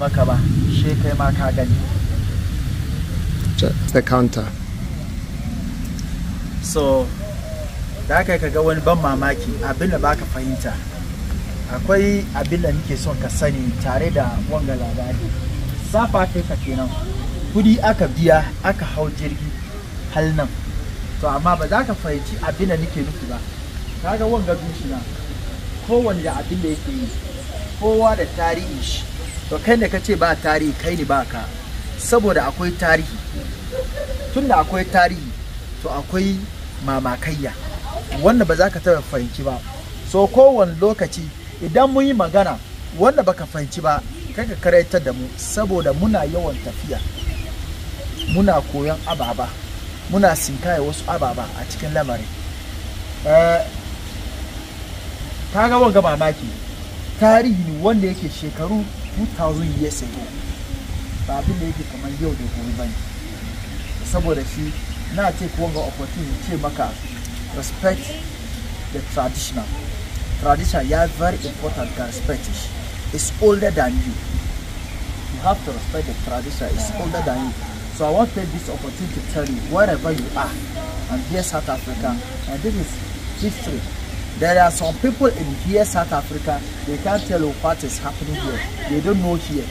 maka ba kai ka the counter so da ka ga wani ban mamaki abinda baka fahimta akwai abinda nike son ka sani tare da wanga labari safa kai ka kenan kudi aka biya aka hau jirgi hal nan to amma ba za ka fahimci abinda nike nake nufi ba kaga wanga dushina kowanne da abinda yake yi kowa da tarihi shi to kai ne ka ce ba tarihi kai ne ba ka saboda akwai tarihi tun da akwai tarihi to akwai mamakayya wanda ba za ka taɓa fahimci ba so kowane lokaci idan mun yi magana wanda baka fahimci ba kai ka karaitar da mu saboda muna yawan tafiya muna koyon ababa muna sinkaya wasu ababa a cikin lamarin ta eh, ga wanga mamaki tarihi ne wanda yake shekaru 2000 years ago ba abin da yake kamar yau da gobe ba saboda shi na take ga opportunity ce maka respect the traditional tradition ya very important ka respect shi it's older than you you have to respect the tradition it's older than you so i want to take this opportunity to tell you wherever you are and here south africa and this is history There are some people in here, South Africa, they can't tell you what is happening here. They don't know here.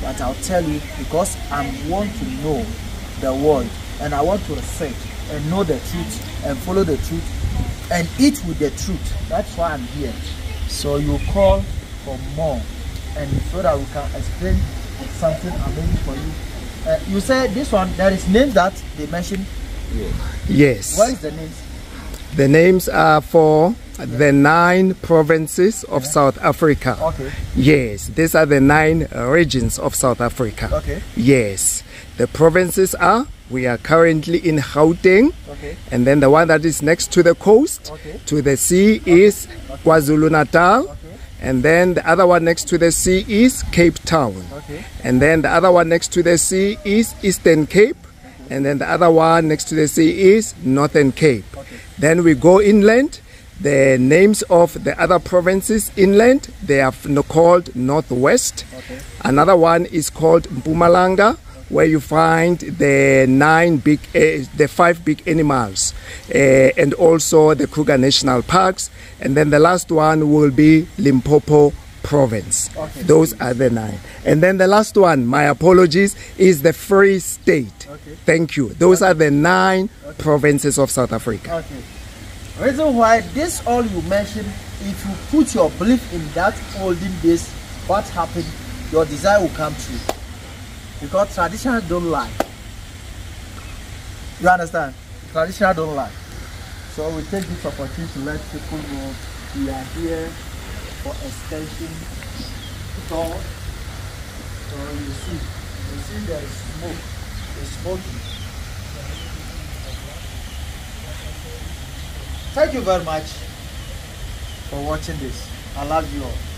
But I'll tell you because I want to know the world and I want to research and know the truth and follow the truth and eat with the truth. That's why I'm here. So you call for more and so that we can explain something amazing for you. Uh, you said this one, there is name that they mentioned. Yes. yes. What is the name? The names are for the nine provinces of yeah. South Africa. Okay. Yes, these are the nine regions of South Africa. Okay. Yes. The provinces are we are currently in Gauteng. Okay. And then the one that is next to the coast, okay. to the sea is okay. KwaZulu-Natal. And then the other one next to the sea is Cape Town. And then the other one next to the sea is Eastern Cape. And then the other one next to the sea is Northern Cape. Then we go inland. The names of the other provinces inland, they are called Northwest. Okay. Another one is called Mpumalanga, where you find the nine big, uh, the five big animals, uh, and also the Kruger National Parks. And then the last one will be Limpopo province. Okay. Those are the nine. And then the last one, my apologies, is the Free State. Okay. Thank you. Those okay. are the nine provinces of South Africa. Okay. Reason why this all you mentioned, if you put your belief in that holding this, what happened, your desire will come true. Because tradition don't lie. You understand? Tradition don't lie. So we take this opportunity to let people know we are here for extension door door you see. You see there is smoke. There is smoking. Thank you very much for watching this. I love you all.